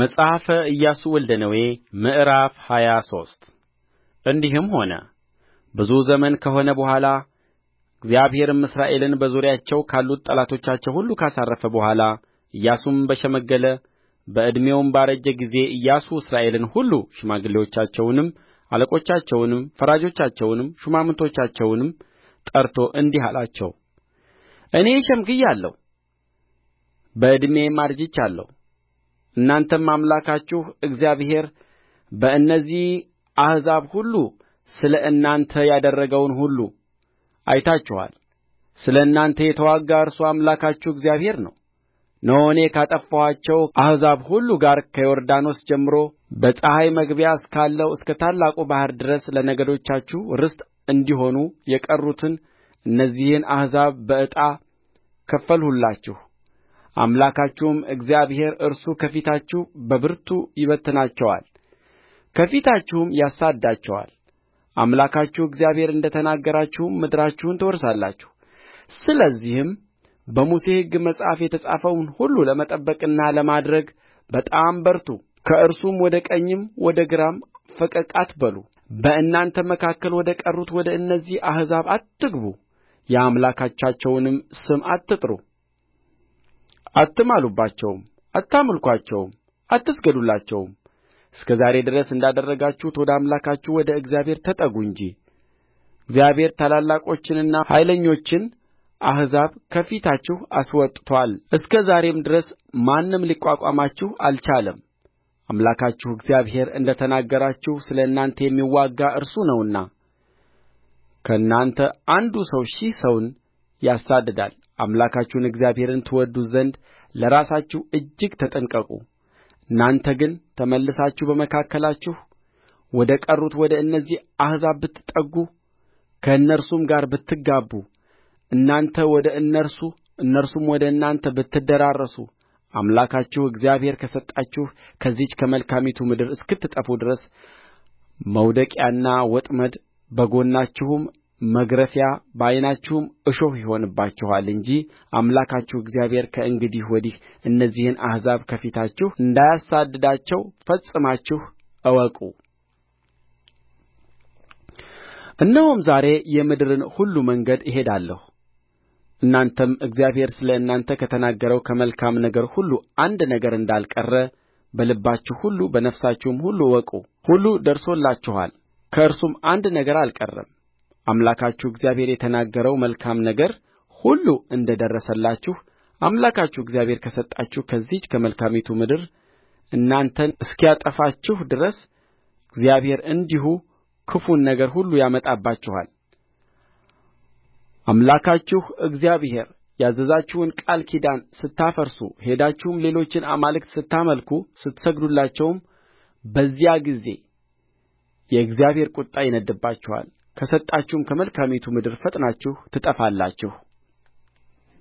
መጽሐፈ ኢያሱ ወልደ ነዌ ምዕራፍ ሃያ ሶስት እንዲህም ሆነ ብዙ ዘመን ከሆነ በኋላ እግዚአብሔርም እስራኤልን በዙሪያቸው ካሉት ጠላቶቻቸው ሁሉ ካሳረፈ በኋላ ኢያሱም በሸመገለ በዕድሜውም ባረጀ ጊዜ ኢያሱ እስራኤልን ሁሉ ሽማግሌዎቻቸውንም፣ አለቆቻቸውንም፣ ፈራጆቻቸውንም፣ ሹማምንቶቻቸውንም ጠርቶ እንዲህ አላቸው። እኔ ሸምግያለሁ፣ በዕድሜም አርጅቻለሁ እናንተም አምላካችሁ እግዚአብሔር በእነዚህ አሕዛብ ሁሉ ስለ እናንተ ያደረገውን ሁሉ አይታችኋል። ስለ እናንተ የተዋጋ እርሱ አምላካችሁ እግዚአብሔር ነው። እነሆ እኔ ካጠፋኋቸው አሕዛብ ሁሉ ጋር ከዮርዳኖስ ጀምሮ በፀሐይ መግቢያ እስካለው እስከ ታላቁ ባሕር ድረስ ለነገዶቻችሁ ርስት እንዲሆኑ የቀሩትን እነዚህን አሕዛብ በዕጣ ከፈልሁላችሁ። አምላካችሁም እግዚአብሔር እርሱ ከፊታችሁ በብርቱ ይበትናቸዋል ከፊታችሁም ያሳድዳቸዋል አምላካችሁ እግዚአብሔር እንደ ተናገራችሁም ምድራችሁን ትወርሳላችሁ ስለዚህም በሙሴ ሕግ መጽሐፍ የተጻፈውን ሁሉ ለመጠበቅና ለማድረግ በጣም በርቱ ከእርሱም ወደ ቀኝም ወደ ግራም ፈቀቅ አትበሉ በእናንተ መካከል ወደ ቀሩት ወደ እነዚህ አሕዛብ አትግቡ የአምላካቻቸውንም ስም አትጥሩ አትማሉባቸውም አታምልኩአቸውም አትስገዱላቸውም እስከ ዛሬ ድረስ እንዳደረጋችሁት ወደ አምላካችሁ ወደ እግዚአብሔር ተጠጉ እንጂ እግዚአብሔር ታላላቆችንና ኃይለኞችን አሕዛብ ከፊታችሁ አስወጥቶአል እስከ ዛሬም ድረስ ማንም ሊቋቋማችሁ አልቻለም አምላካችሁ እግዚአብሔር እንደ ተናገራችሁ ስለ እናንተ የሚዋጋ እርሱ ነውና ከእናንተ አንዱ ሰው ሺህ ሰውን ያሳድዳል አምላካችሁን እግዚአብሔርን ትወድዱት ዘንድ ለራሳችሁ እጅግ ተጠንቀቁ እናንተ ግን ተመልሳችሁ በመካከላችሁ ወደ ቀሩት ወደ እነዚህ አሕዛብ ብትጠጉ ከእነርሱም ጋር ብትጋቡ እናንተ ወደ እነርሱ እነርሱም ወደ እናንተ ብትደራረሱ አምላካችሁ እግዚአብሔር ከሰጣችሁ ከዚህች ከመልካሚቱ ምድር እስክትጠፉ ድረስ መውደቂያና ወጥመድ በጎናችሁም መግረፊያ በዓይናችሁም እሾህ ይሆንባችኋል እንጂ አምላካችሁ እግዚአብሔር ከእንግዲህ ወዲህ እነዚህን አሕዛብ ከፊታችሁ እንዳያሳድዳቸው ፈጽማችሁ እወቁ እነሆም ዛሬ የምድርን ሁሉ መንገድ እሄዳለሁ እናንተም እግዚአብሔር ስለ እናንተ ከተናገረው ከመልካም ነገር ሁሉ አንድ ነገር እንዳልቀረ በልባችሁ ሁሉ በነፍሳችሁም ሁሉ እወቁ ሁሉ ደርሶላችኋል ከእርሱም አንድ ነገር አልቀረም አምላካችሁ እግዚአብሔር የተናገረው መልካም ነገር ሁሉ እንደ ደረሰላችሁ አምላካችሁ እግዚአብሔር ከሰጣችሁ ከዚህች ከመልካሚቱ ምድር እናንተን እስኪያጠፋችሁ ድረስ እግዚአብሔር እንዲሁ ክፉን ነገር ሁሉ ያመጣባችኋል። አምላካችሁ እግዚአብሔር ያዘዛችሁን ቃል ኪዳን ስታፈርሱ ሄዳችሁም ሌሎችን አማልክት ስታመልኩ ስትሰግዱላቸውም በዚያ ጊዜ የእግዚአብሔር ቍጣ ይነድድባችኋል ከሰጣችሁም ከመልካሚቱ ምድር ፈጥናችሁ ትጠፋላችሁ